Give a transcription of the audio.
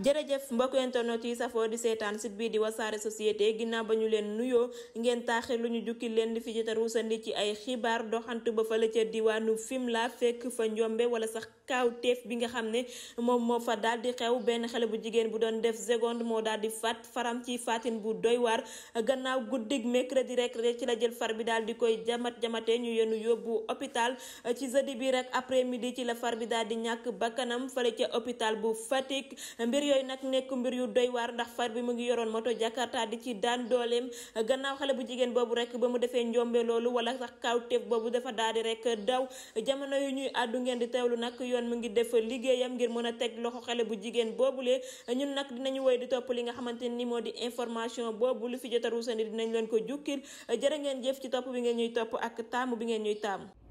jërëjëf mbokk internet yi safoo di seetaan site bii di wasaare société ginnaaw ba ñu leen nuyoo ngeen taaxir lu ñu jukki leen di fi jota ruusandi ci ay xibaar doxantu ba fële ca diwaanu fim laa fekk fa njombe wala sax kaw kaawteef bi nga xam ne moom moo fa daal di xew benn xale bu jigéen bu doon def seconde moo daal di fat faram ci faatin bu doy waar gannaaw guddig mercredi rek rek ci la jël far bi daal di koy jamat jamate ñu yenu yóbbu hôpital ci jeudi bi rek après midi ci la far bi daal di ñàkk bakkanam fële ca hôpital bu Fatick yooyu nag nekk mbir yu doy waar ndax far bi mu ngi yoroon moto jakarta di ci daan dooleem gannaaw bu jigéen boobu rek ba mu defee njombe loolu wala sax kawteef boobu dafa daal rek daw jamono yu ñuy àddu ngeen di teewlu nag yoon mu ngi def liggéeyam ngir mën a teg loxo xale bu jigéen boobu boobule ñun nag dinañu woy di topp li nga xamante ni moo di information boobu lu fi jotaru sandi dinañ leen ko jukkil jërë ngeen jëf ci topp bi ngeen ñuy topp ak taamu bi ngeen ñuy taamu